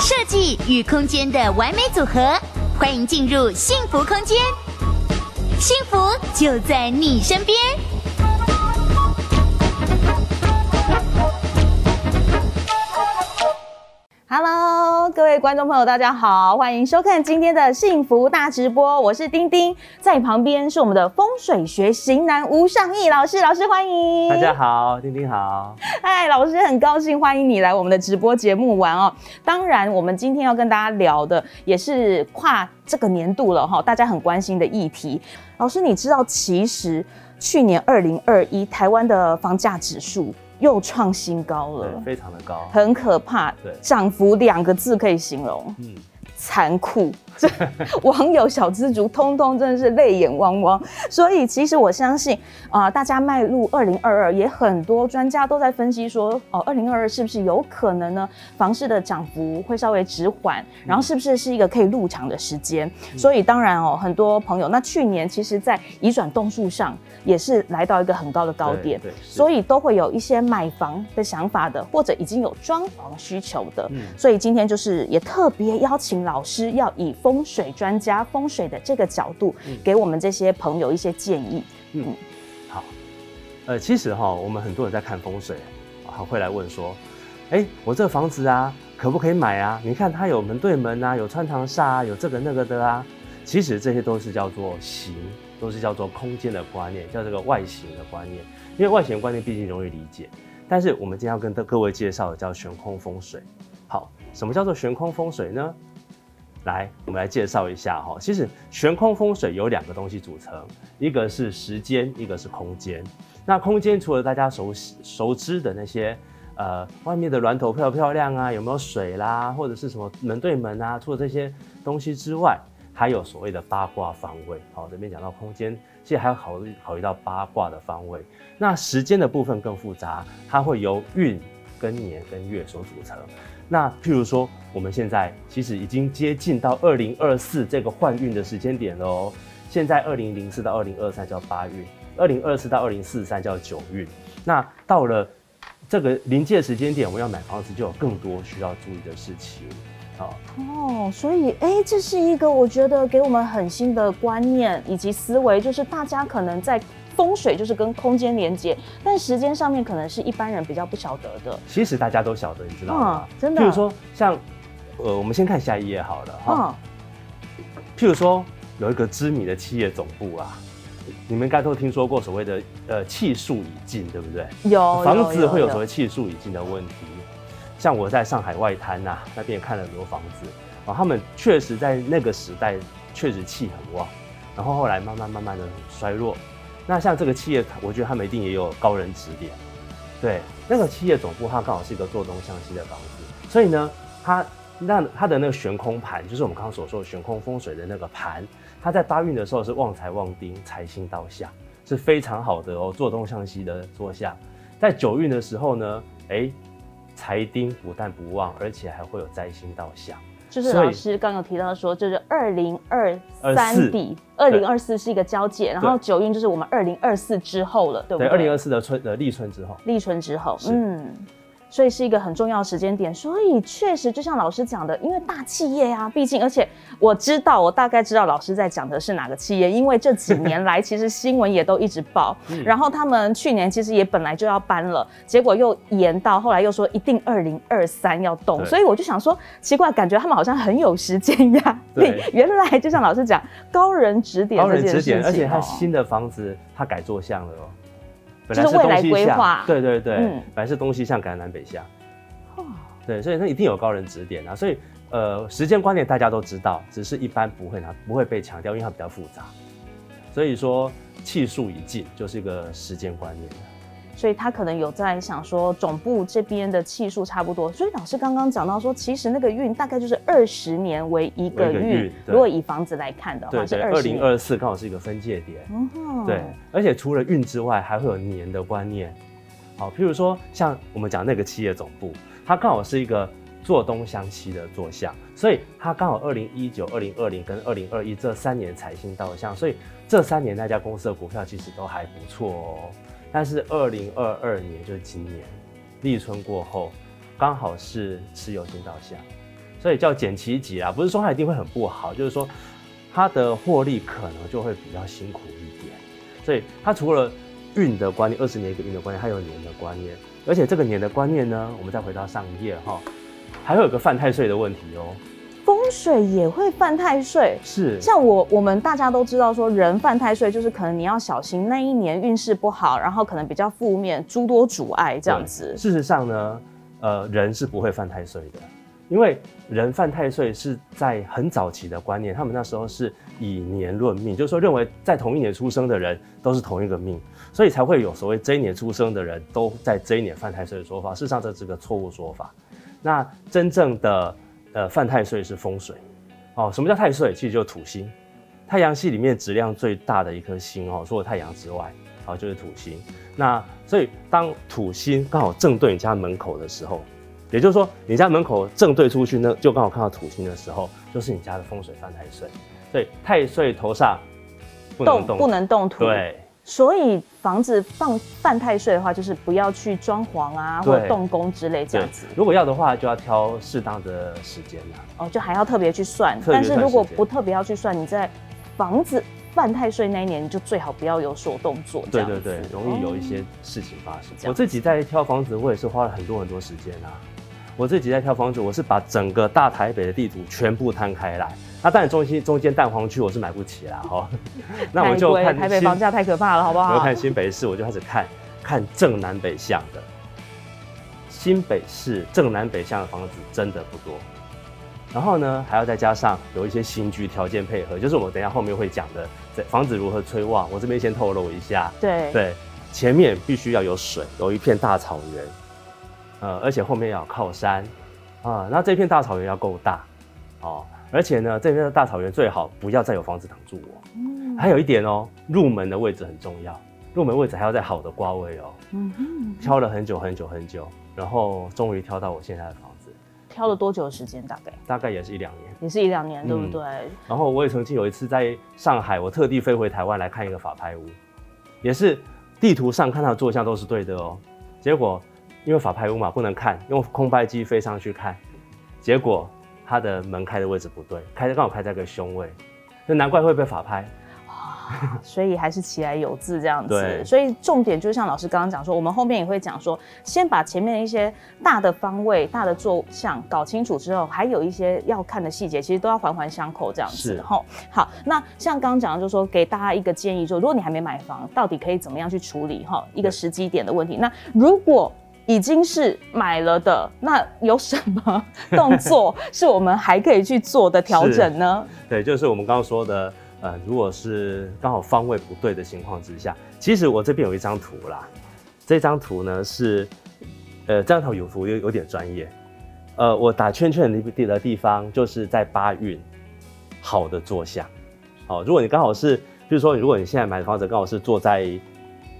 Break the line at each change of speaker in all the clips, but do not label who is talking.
設計與空間的完美組合，歡迎進入幸福空間，幸福就在你身邊。Hello。各位觀眾朋友，大家好，歡迎收看今天的幸福大直播，我是丁丁，在你旁邊是我們的風水學型男吳尚易老師，老師歡迎。大家好，丁丁好。哎，老師很高興歡迎你來我們的直播節目玩哦、喔。當然，我們今天要跟大家聊的也是跨這個年度了哈、喔，大家很關心的議題。老師，你知道其實去年二零二一台灣的房價指數？又創新高了，對，非常的高，很可怕。對，漲幅兩個字可以形容，嗯，殘酷。這 網友小資族，通通真的是淚眼汪汪。所以其實我相信啊、呃，大家邁入二零二二，也很多專家都在分析說，哦、呃，二零二二是不是有可能呢？房市的漲幅會稍微止緩，然後是不是是一個可以入場的時間？嗯、所以當然哦、喔，很多朋友那去年其實，在移轉棟數上也是來到一個很高的高點，對，所以都會有一些買房的想法的，或者已經有裝潢需求的。嗯，所以今天就是也特別邀請老師要以。風水專家風水的這個角度，嗯、給我們這些朋友一些建議。嗯，嗯好，
呃，其實哈，我們很多人在看風水，會來問說，哎、欸，我這個房子啊，可不可以買啊？你看它有門對門啊，有穿堂煞啊，有這個那個的啊。其實這些都是叫做形，都是叫做空間的觀念，叫這個外形的觀念。因為外形觀念畢竟容易理解，但是我們今天要跟各位介紹的叫玄空風水。好，什麼叫做玄空風水呢？來，我們來介紹一下哈。其實玄空風水有兩個東西組成，一個是時間，一個是空間。那空間除了大家熟悉熟知的那些，呃，外面的巒頭漂不漂亮啊，有沒有水啦，或者是什麼門對門啊，除了這些東西之外，還有所謂的八卦方位。好、哦，這邊講到空間，其實還要考慮考慮到八卦的方位。那時間的部分更複雜，它會由運。跟年跟月所組成。那譬如說，我們現在其實已經接近到二零二四這個換運的時間點嘍。現在二零零四到二零二三叫八運，二零二四到二零四三叫九運。那到了這個臨界時間點，我們要買房子就有更多需要注意的事情哦。
哦，所以哎，這是一個我覺得給我們很新的觀念以及思維，就是大家可能在。風水就是跟空間連接，但時間上面可能是一般人比較不曉得的。
其實大家都曉得，你知道嗎？
哦、真的。譬如說，
像呃，我們先看下一頁好了。嗯、哦。譬如說，有一個知名的企業總部啊，你們應該都聽說過所謂的“呃氣數已盡”，對不對？有。房子會有所謂氣數已盡的問題。像我在上海外灘吶、啊，那邊也看了很多房子，啊、哦，他們確實在那個時代確實氣很旺，然後後來慢慢慢慢的衰弱。那像這個企業，我覺得他們一定也有高人指點。對，那個企業總部，它剛好是一個坐東向西的房子，所以呢，它那它的那個玄空盤，就是我們剛剛所說的玄空風水的那個盤，它在八運的時候是旺財旺丁，財星到下是非常好的哦。坐東向西的坐下，在九運的時候呢，哎，財丁不但不旺，而且還會有災星到下。就是老師
剛剛有提到說，就是二零二三底，二零二四是一個交界，對然後九運就是我們二零二四之後了，對，對不對？二零
二四的春的立春之後，
立春之後，是嗯。所以是一個很重要的時間點，所以確實就像老師講的，因為大企業呀、啊，畢竟而且我知道，我大概知道老師在講的是哪個企業，因為這幾年來其實新聞也都一直報， 然後他們去年其實也本來就要搬了，結果又延到，後來又說一定二零二三要動，對所以我就想說奇怪，感覺他們好像很有時間呀、啊。對，原來就像老師講，高人指點高人指點，而且他新
的房子、哦、他改坐向了、哦。本來是東西向，對對對，嗯、本來是東西向，改南北向，對，所以那一定有高人指點啊。所以，呃，時間觀念大家都知道，只是一般不會拿，不會被強調，因為它比較複雜。所以說，氣數已盡，就是一個時間觀念
所以他可能有在想說，總部這邊的氣數差不多。所以老師剛剛講到說，其實那個運大概就是二十年為一個運。個如果以房子來看的話是二十年，是二零二
四剛好是一個分界點。嗯
哼，對。
而且除了運之外，還會有年的觀念。好，譬如說像我們講那個企業總部，他剛好是一個坐東向西的坐向，所以他剛好二零一九、二零二零跟二零二一這三年財星到向，所以這三年那家公司的股票其實都還不錯哦、喔。但是二零二二年，就是今年立春過後，剛好是持有性到下，所以叫減其吉啊，不是說他一定會很不好，就是說它的獲利可能就會比較辛苦一點。所以它除了運的觀念，二十年一個運的觀念，還有年的觀念，而且這個年的觀念呢，我們再回到上一頁哈，還會有一個犯太歲的問題哦、喔。
水也會犯太歲，是像我我們大家都知道說人犯太歲，就是可能你要小心那一年運勢不好，然後可能比較負面，諸多阻礙這樣子。事
實上呢，呃，人是不會犯太歲的，因為人犯太歲是在很早期的觀念，他們那時候是以年論命，就是說認為在同一年出生的人都是同一個命，所以才會有所謂這一年出生的人都在這一年犯太歲的說法。事實上這是個錯誤說法，那真正的。呃，犯太歲是風水，哦，什麼叫太歲？其實就是土星，太陽系裡面質量最大的一顆星哦，除了太陽之外，好、哦、就是土星。那所以當土星剛好正對你家門口的時候，也就是說你家門口正對出去呢，就剛好看到土星的時候，就是你家的風水犯太歲。所以太歲頭上動不能動土，動動土對。
所以房子犯太歲的話，就是不要去裝潢啊，或者動工之類這樣子。
如果要的話，就要挑適當的時間啦、
啊。哦，就還要特別去算。特別算。但是如果不特別要去算，你在房子犯太歲那一年，你就最好不要有所動作。對對對，
容易有一些事情發生。嗯、我自己在挑房子，我也是花了很多很多時間啊。我自己在挑房子，我是把整個大台北的地圖全部攤開來。它當然，中心，中間蛋黃區我是買不起了哈。喔、
那我們就看台北房價太可怕了，好不好？我要看
新北市，我就開始看看正南北向的新北市，正南北向的房子真的不多。然後呢，還要再加上有一些形局條件配合，就是我們等一下後面會講的，房子如何催旺。我這邊先透露一下，對對，前面必須要有水，有一片大草原，呃，而且後面要靠山啊。那這片大草原要夠大哦。喔而且呢，這邊的大草原最好不要再有房子擋住我。嗯、還有一點哦、喔，入門的位置很重要，入門位置還要在好的卦位哦、喔嗯。嗯嗯。挑了很久很久很久，然後終於挑到我現在的房子。
挑了多久的時間？大概
大概也是一兩年，
也是一兩年，嗯、對不對？
然後我也曾經有一次在上海，我特地飛回台灣來看一個法拍屋，也是地圖上看它的坐向都是對的哦、喔。結果因為法拍屋嘛，不能看，用空拍機飛上去看，結果。他的門開的位置不對，開的剛好開在個凶位，就難怪會被法拍、
哦。所以還是其來有自，這樣子。對所以重點就是像老師剛剛講說，我們後面也會講說，先把前面的一些大的方位、大的坐向搞清楚之後，還有一些要看的細節，其實都要環環相扣這樣子的。是，好，那像剛剛講的，就是說給大家一個建議就，就如果你還沒買房，到底可以怎麼樣去處理？哈，一個時機點的問題。對那如果已經是買了的，那有什麼動作是我們還可以去做的調整呢 ？
對，就是我們剛剛說的，呃，如果是剛好方位不對的情況之下，其實我這邊有一張圖啦，這張圖呢是，呃，這張圖有圖又有，有點專業，呃，我打圈圈的的地方就是在八運好的座下。好、哦，如果你剛好是，比如說如果你現在買的房子剛好是坐在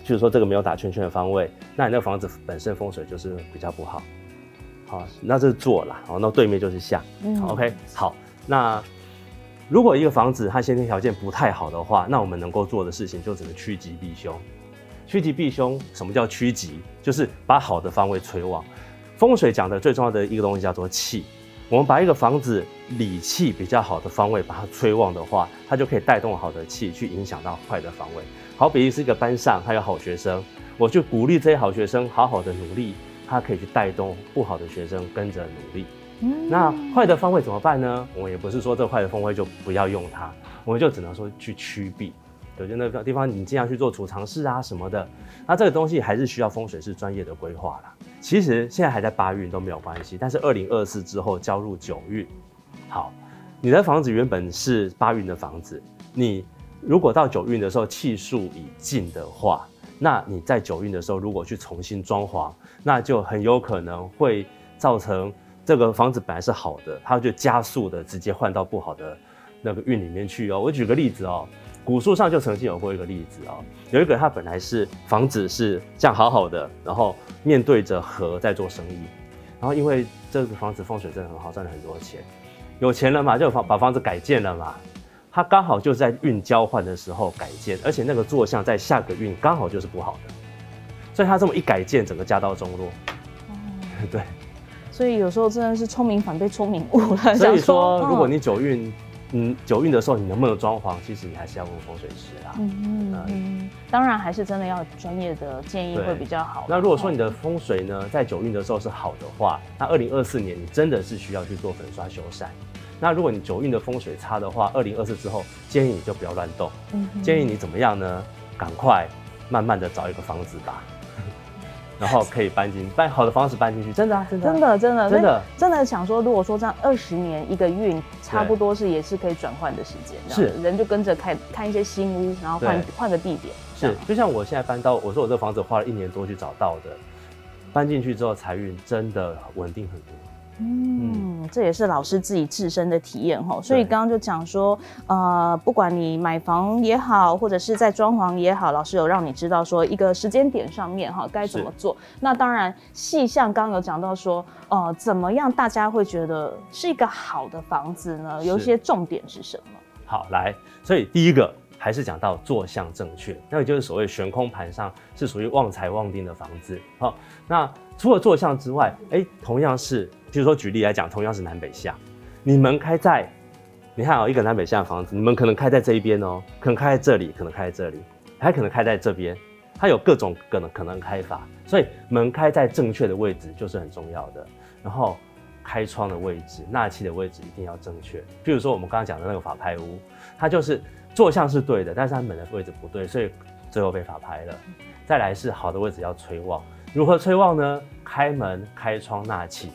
就是說，這個沒有打圈圈的方位，那你那個房子本身風水就是比較不好。好，那這是坐啦。好，那對面就是向。嗯。OK。好，那如果一個房子它先天條件不太好的話，那我們能夠做的事情就只能趨吉避兇。趨吉避兇，什麼叫趨吉？就是把好的方位催旺。風水講的最重要的一個東西叫做氣。我們把一個房子理氣比較好的方位，把它催旺的話，它就可以帶動好的氣去影響到壞的方位。好比是一個班上，他有好學生，我去鼓勵這些好學生好好的努力，他可以去帶動不好的學生跟着努力。嗯，那壞的方位怎麼辦呢？我也不是說這壞的方位就不要用它，我們就只能說去趨避。有些那個地方你盡量去做儲藏室啊什麼的，那這個東西還是需要風水師專業的規劃啦。其實現在還在八運都沒有關係，但是二零二四之後交入九運。好，你的房子原本是八運的房子，你。如果到九運的時候氣數已盡的話，那你在九運的時候如果去重新裝潢，那就很有可能會造成這個房子本來是好的，它就加速的直接換到不好的那個運裡面去哦。我舉個例子哦，古書上就曾經有過一個例子哦，有一個它本來是房子是這樣好好的，然後面對着河在做生意，然後因為這個房子風水真的很好，賺了很多錢，有錢了嘛就房把房子改建了嘛。他剛好就是在運交換的時候改建，而且那個坐向在下個運剛好就是不好的，所以他這麼一改建，整個家道中落。嗯、對。
所以有時候真的是聰明反被聰明誤了。所以說，如果你
九運，哦、嗯，九運的時候你能不能裝潢，其實你還是要問風水師啦、啊。嗯嗯嗯。
那當然還是真的要專業的建議會比較好的。
那如果說你的風水呢，在九運的時候是好的話，那二零二四年你真的是需要去做粉刷修繕。那如果你九運的風水差的話，二零二四之後建議你就不要亂動，嗯哼，建議你怎麼樣呢？趕快慢慢的找一個房子吧， 然後可以搬進搬好的房子搬進去，真
的、啊，真的、啊、真的真的真的真的想說，如果說這樣二十年一個運，差不多是也是可以轉換的時間，是對人就跟着看看一些新屋，然後換換對個地點，
是就像我現在搬到我說我這房子花了一年多去找到的，搬進去之後財運真的穩定很多。
嗯，嗯，這也是老師自己自身的體驗哈，所以剛剛就講說，對呃，不管你買房也好，或者是在裝潢也好，老師有讓你知道說一個時間點上面哈該怎麼做。是那當然細項剛剛有講到說，呃，怎麼樣大家會覺得是一個好的房子呢？有一些重點是什麼
是？好，來，所以第一個還是講到坐向正確，那也、個、就是所謂玄空盤上，是屬於旺財旺丁的房子。好，哦，那除了坐向之外，哎是，同樣是。就是說舉例來講，同樣是南北向，你門開在，你看哦，一個南北向的房子，你們可能開在這一邊哦，可能開在這裡，可能開在這裡，還可能開在這邊，它有各種可能可能開法，所以門開在正確的位置就是很重要的。然後開窗的位置、納氣的位置一定要正確。譬如說我們剛剛講的那個法拍屋，它就是坐向是對的，但是它門的位置不對，所以最後被法拍了。再來是好的位置要催旺，如何催旺呢？開門、開窗納氣。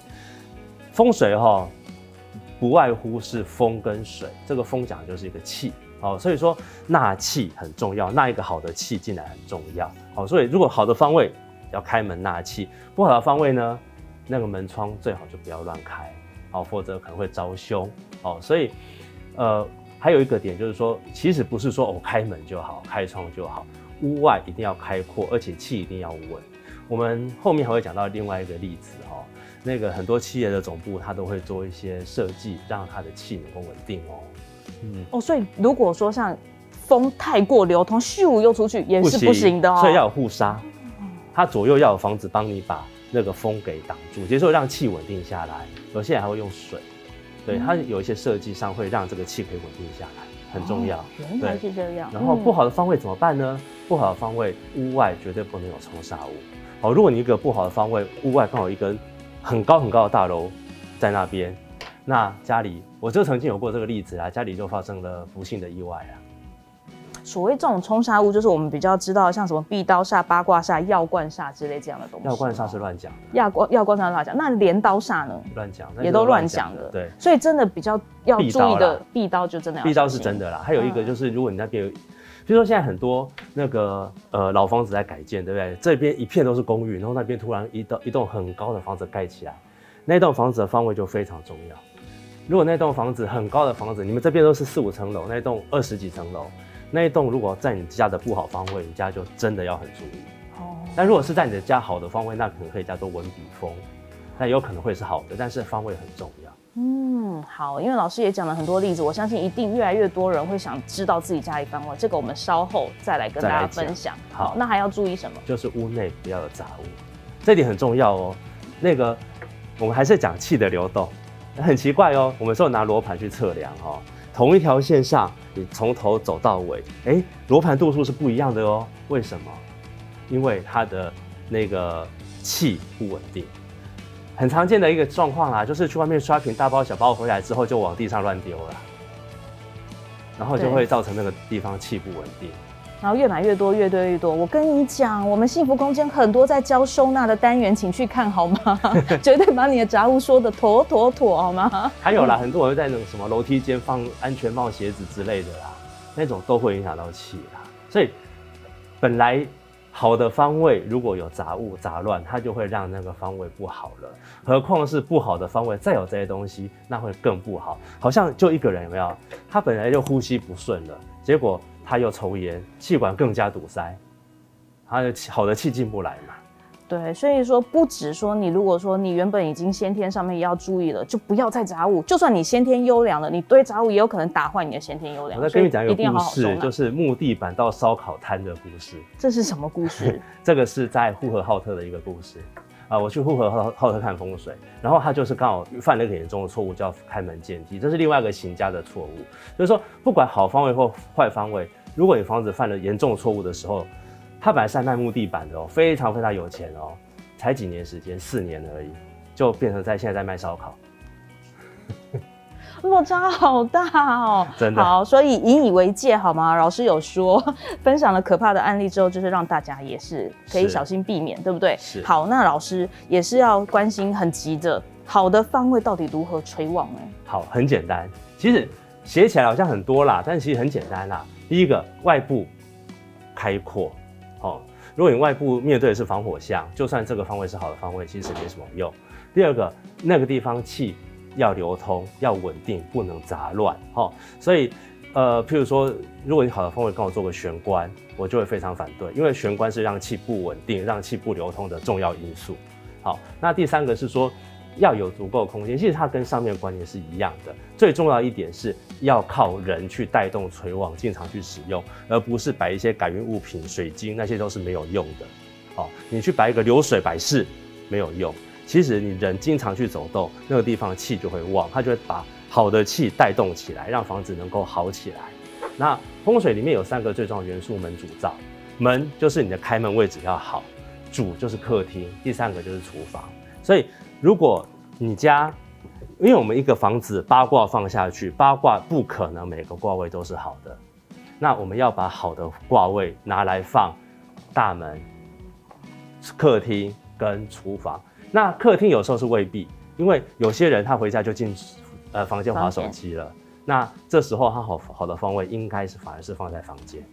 風水哈、哦，不外乎是風跟水。這個風講就是一個氣，哦，所以說納氣很重要，納一個好的氣進來很重要，哦，所以如果好的方位要開門納氣，不好的方位呢，那個門窗最好就不要亂開，好、哦，否則可能會招凶，哦，所以呃還有一個點就是說，其實不是說我、哦、開門就好，開窗就好，屋外一定要開闊，而且氣一定要穩。我們後面還會講到另外一個例子。那個很多企業的總部，它都會做一些設計，讓它的氣能夠穩定哦、喔。嗯
哦，所以如果說像風太過流通，咻又出去，也是不行的哦。所以要有
護砂，它左右要有房子幫你把那個風給擋住，結束讓氣穩定下來。現在還會用水，對它有一些設計上會讓這個氣可以穩定下來，很重要。原來是
這樣。然後不
好的方位怎麼辦呢？不好的方位，屋外絕對不能有沖煞物。好，如果你一個不好的方位，屋外放有一根。很高很高的大樓在那邊，那家裡我就曾經有過這個例子啊，家裡就發生了不幸的意外啊。
所謂這種沖煞物，就是我們比較知道像什麼壁刀煞、八卦煞、藥罐煞之類這樣的東西。藥罐煞
是亂講，
亞光藥罐煞亂講，那鐮刀煞呢？亂講，也都亂講的。對，所以真的比較要注意的壁刀，刀就真的壁刀是真的
啦。還有一個就是，如果你那邊。比如說現在很多那個呃老房子在改建，對不對？這邊一片都是公寓，然後那邊突然一棟一棟很高的房子蓋起來，那棟房子的方位就非常重要。如果那棟房子很高的房子，你們這邊都是四五層樓，那棟二十幾層樓，那一棟如果在你家的不好方位，你家就真的要很注意。哦。但如果是在你的家好的方位，那可能可以叫做文筆峰，那有可能會是好的，但是方位很重要。
嗯，好，因為老師也講了很多例子，我相信一定越來越多人會想知道自己家裡方位。這個我們稍後再來跟大家分享。好，好那還要注意什麼？
就是屋內不要有雜物，這點很重要哦。那個，我們還是講氣的流動，很奇怪哦。我們說拿羅盤去測量哦，同一條線上，你從頭走到尾，哎，羅盤度數是不一樣的哦。為什麼？因為它的那個氣不穩定。很常見的一個狀況啦，就是去外面刷屏，大包小包回來之後就往地上亂丟了，然後就會造成那個地方氣不穩定。
然後越買越多，越堆越多。我跟你講，我們幸福空間很多在教收納的單元，請去看好嗎？ 絕對把你的雜物說得妥妥妥好嗎？還有啦，很
多人在那種什麼樓梯間放安全帽、鞋子之類的啦，那種都會影響到氣啦。所以本來。好的方位如果有雜物雜亂，它就會讓那個方位不好了。何況是不好的方位，再有這些東西，那會更不好。好像就一個人有沒有，他本來就呼吸不順了，結果他又抽煙，氣管更加堵塞，他的氣好的氣進不來嘛。
對，所以說不止說你，如果說你原本已經先天上面也要注意了，就不要再雜物。就算你先天優良了，你堆雜物也有可能打壞你的先天優良。我再跟你講一個故事，好好就
是木地板到燒烤攤的故事。這是
什麼故事？
這個是在呼和浩特的一個故事啊！我去呼和浩、浩特看風水，然後他就是剛好犯了一個嚴重的錯誤，叫開門見梯。這是另外一個行家的錯誤。所以說，不管好方位或壞方位，如果你房子犯了嚴重的錯誤的時候。他本來是在賣木地板的哦、喔，非常非常有錢哦、喔，才幾年時間，四年而已，就變成在現在在賣燒烤。
落差好大哦、喔，真的好，所以引以為戒好嗎？老師有說，分享了可怕的案例之後，就是讓大家也是可以小心避免，是對不對？是好，那老師也是要關心很急著，好的方位到底如何催旺、欸？哎，
好，很簡單，其實寫起來好像很多啦，但其實很簡單啦。第一個，外部開闊。哦，如果你外部面對的是防火牆，就算這個方位是好的方位，其實沒什麼用。第二個，那個地方氣要流通，要穩定，不能雜亂。哈、哦，所以，呃，譬如說，如果你好的方位跟我做個玄關，我就會非常反對，因為玄關是讓氣不穩定、讓氣不流通的重要因素。好、哦，那第三個是說。要有足夠的空間，其實它跟上面的觀點是一樣的。最重要一點是要靠人去帶動催旺，經常去使用，而不是擺一些改運物品、水晶，那些都是沒有用的。哦，你去擺一個流水擺飾沒有用。其實你人經常去走動，那個地方氣就會旺，它就會把好的氣帶動起來，讓房子能夠好起來。那風水裡面有三個最重要的元素：門、主、灶。門就是你的開門位置要好，主就是客廳，第三個就是廚房。所以如果你家，因為我們一個房子八卦放下去，八卦不可能每個卦位都是好的，那我們要把好的卦位拿來放大門、客廳跟廚房。那客廳有時候是未必，因為有些人他回家就進呃房間滑手機了，便那這時候他好好的方位應該是反而是放在房間。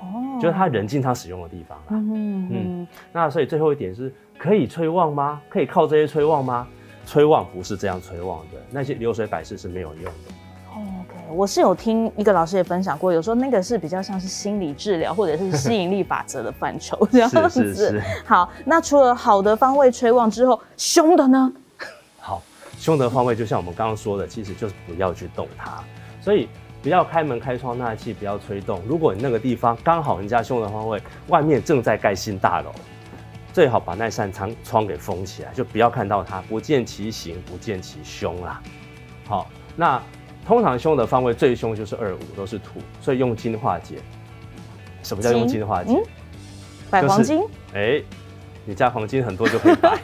哦，就是他人經常使用的地方啦。嗯嗯，那所以最後一點是可以催旺嗎？可以靠這些催旺嗎？催旺不是這樣催旺的，那些流水擺飾是沒有用的。Oh,
okay. 我是有聽一個老師也分享過，有時候那個是比較像是心理治療或者是吸引力法則的範疇 這樣子。是是是。好，那除了好的方位催旺之後，凶的呢？
好，凶的方位就像我們剛剛說的，其實就是不要去動它。所以。不要開門開窗那氣，不要吹動。如果你那個地方剛好人家凶的方位，外面正在蓋新大樓，最好把那扇窗給封起來，就不要看到它，不見其形，不見其凶啊。好，那通常凶的方位最凶就是二五，都是土，所以用金化解。什麼叫用金化解？
買擺、嗯、黃金。
哎、就是欸，你家黃金很多就可以
擺。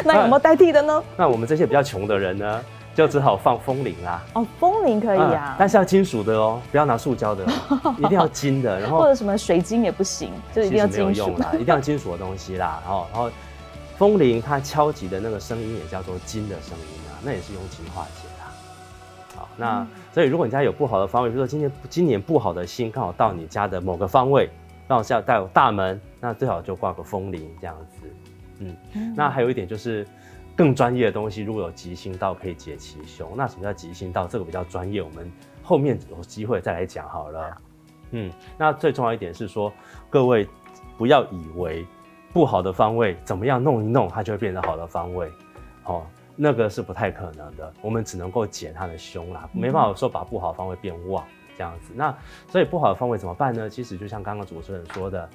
那有沒有代替的呢？
那我們這些比較窮的人呢？就只好放風鈴啦。
哦，風鈴可以啊、嗯，
但是要金屬的哦、喔，不要拿塑膠的、喔， 一定要金的。然後或
者什麼水晶也不行，就一定要金屬的。其實沒有用啦。一
定要金屬的東西啦。然後，然後風鈴它敲擊的那個聲音也叫做金的聲音啊，那也是用金化解啦。好，那、嗯、所以如果你家有不好的方位，比如說今年今年不好的星剛好到你家的某個方位，我是要帶有大門，那最好就掛個風鈴這樣子。嗯，嗯那還有一點就是。更專業的東西，如果有吉星到可以解其兇，那什麼叫吉星到？這個比較專業，我們後面有機會再來講好了。嗯，那最重要一點是說，各位不要以為不好的方位怎麼樣弄一弄，它就會變成好的方位，哦，那個是不太可能的。我們只能夠解它的兇啦，沒辦法說把不好的方位變旺這樣子。嗯。那所以不好的方位怎麼辦呢？其實就像剛剛主持人說的，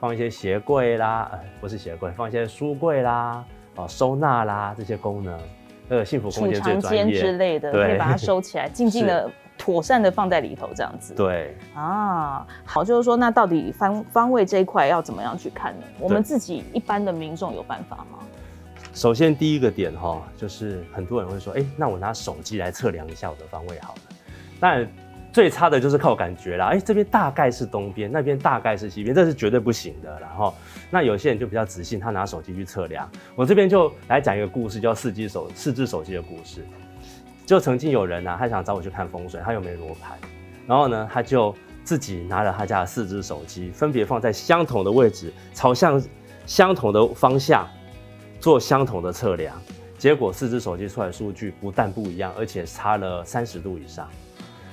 放一些鞋櫃啦，呃，不是鞋櫃，放一些書櫃啦。哦，收納啦，這些功能，呃，幸福空間之類的，對可以把它收起來，
靜靜 的，妥善的放在裡頭，這樣子。對是。啊，好，就是說，那到底方方位這一塊要怎麼樣去看呢？對我們自己一般的民眾有辦法嗎？
首先第一個點哈，就是很多人會說，哎、欸，那我拿手機來測量一下我的方位好了。那最差的就是靠感覺啦，哎、欸，這邊大概是東邊，那邊大概是西邊，這是絕對不行的。然後，那有些人就比較自信，他拿手機去測量。我這邊就來講一個故事，叫四只手四只手機的故事。就曾經有人啊，他想找我去看風水，他又沒羅盤，然後呢，他就自己拿了他家的四只手機，分別放在相同的位置，朝向相同的方向，做相同的測量，結果四只手機出來數據不但不一樣，而且差了三十度以上。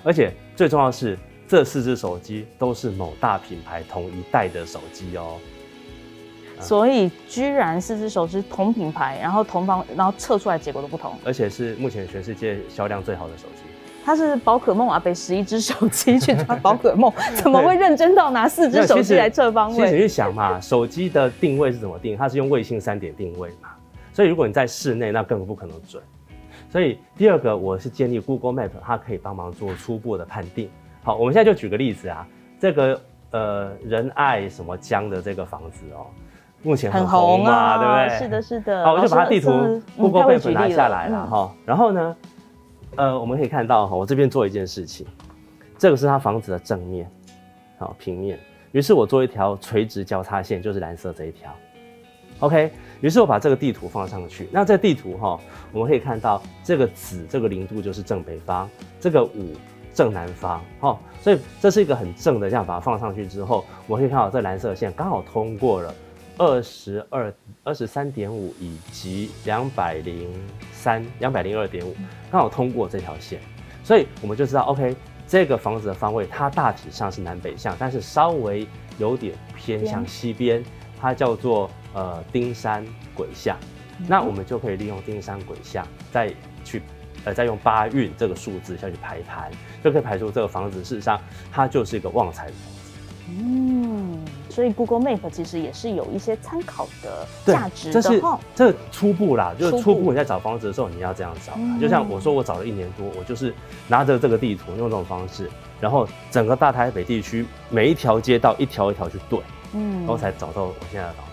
而且最重要的是，這四隻手機都是某大品牌同一代的手機哦。啊、
所以，居然四隻手機同品牌，然後同方，然後測出來結果都不同。
而且是目前全世界銷量最好的手機。
它是寶可夢啊，被十一隻手機去抓 寶可夢，怎麼會認真到拿四隻手機來測方位？ 其實，其實你
去想嘛， 手機的定位是怎麼定？它是用衛星三點定位嘛。所以如果你在室內，那更不可能準。所以第二個，我是建議 Google Map，它可以幫忙做初步的判定。好，我們現在就舉個例子啊，這個呃仁愛什麼江的這個房子哦，目前很紅啊，紅啊，對不對？是的，
是的。好，我就把它地圖 Google、嗯、Map 拿下來了哈。
了，然後呢，呃，我們可以看到，我這邊做一件事情，嗯、這個是它房子的正面，好平面。於是我做一條垂直交叉線，就是藍色這一條。OK，於是我把這個地圖放上去。那這地圖哈、哦，我們可以看到這個子，這個零度就是正北方，這個午正南方，哦，所以這是一個很正的這樣，把它放上去之後，我們可以看到這藍色線剛好通過了二十二、二十三點五以及兩百零三、兩百零二點五，剛好通過這條線。所以我們就知道，OK，這個房子的方位它大體上是南北向，但是稍微有點偏向西邊。邊它叫做呃丁山癸向，嗯、哼那我們就可以利用丁山癸向再去，呃再用八運這個數字下去排盤，就可以排除這個房子事實上它就是一個旺財的房子。嗯，
所以 Google Map 其實也是有一些參考的價值的，然後這，
哦、這初步啦，就是初步你在找房子的時候你要這樣找啦，步就像我說我找了一年多，我就是拿着這個地圖用這種方式，然後整個大台北地區每一條街道一條一條去對。嗯，然後才找到我現在的房子。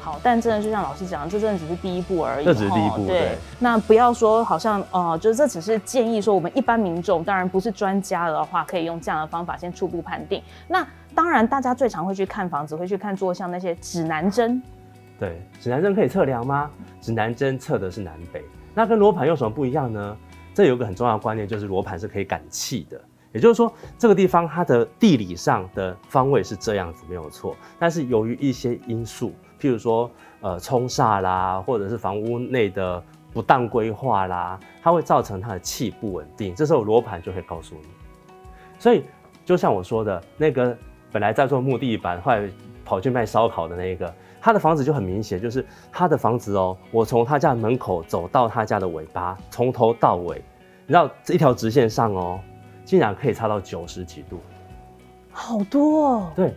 好，但真的就像老師講的，這真的只是第一步而已。這只是第一步，哦、對。對，那不要說好像哦、呃，就是這只是建議，說我們一般民眾當然不是專家的話，可以用這樣的方法先初步判定。那當然大家最常會去看房子，會去看坐向，像那些指南針。
對，指南針可以測量嗎？指南針測的是南北，那跟羅盤有什麼不一樣呢？這有個很重要的觀念，就是羅盤是可以感氣的。也就是說，這個地方它的地理上的方位是這樣子，沒有錯。但是由於一些因素，譬如說，呃，沖煞啦，或者是房屋內的不當規劃啦，它會造成它的氣不穩定。這時候羅盤就會告訴你。所以，就像我說的，那個本來在做木地板，後來跑去賣燒烤的那個，他的房子就很明顯，就是他的房子哦，我從他家門口走到他家的尾巴，從頭到尾，你知道這一條直線上哦。竟然可以差到九十幾度，
好多哦。
對，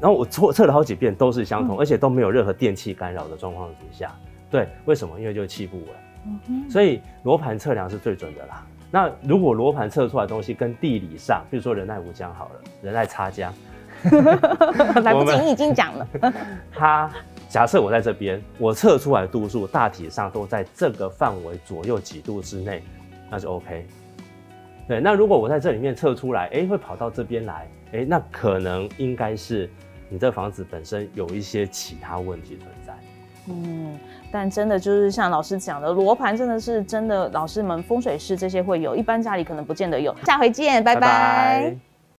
然後我測測了好幾遍都是相同，嗯、而且都沒有任何電器干擾的狀況之下。對，為什麼？因為就是氣不穩。嗯、哼所以羅盤測量是最準的啦。那如果羅盤測出來的東西跟地理上，比如說仁愛五江好了，仁愛差江，
來不及已經講了。 他
假設我在這邊，我測出來度數大體上都在這個範圍左右幾度之內，那就 OK。對，那如果我在這裡面測出來，哎、欸，會跑到這邊來，哎、欸，那可能應該是你這房子本身有一些其他問題存在。
嗯，但真的就是像老師講的，羅盤真的是真的，老師們風水師這些會有，一般家裡可能不見得有。下回見，拜拜。拜拜。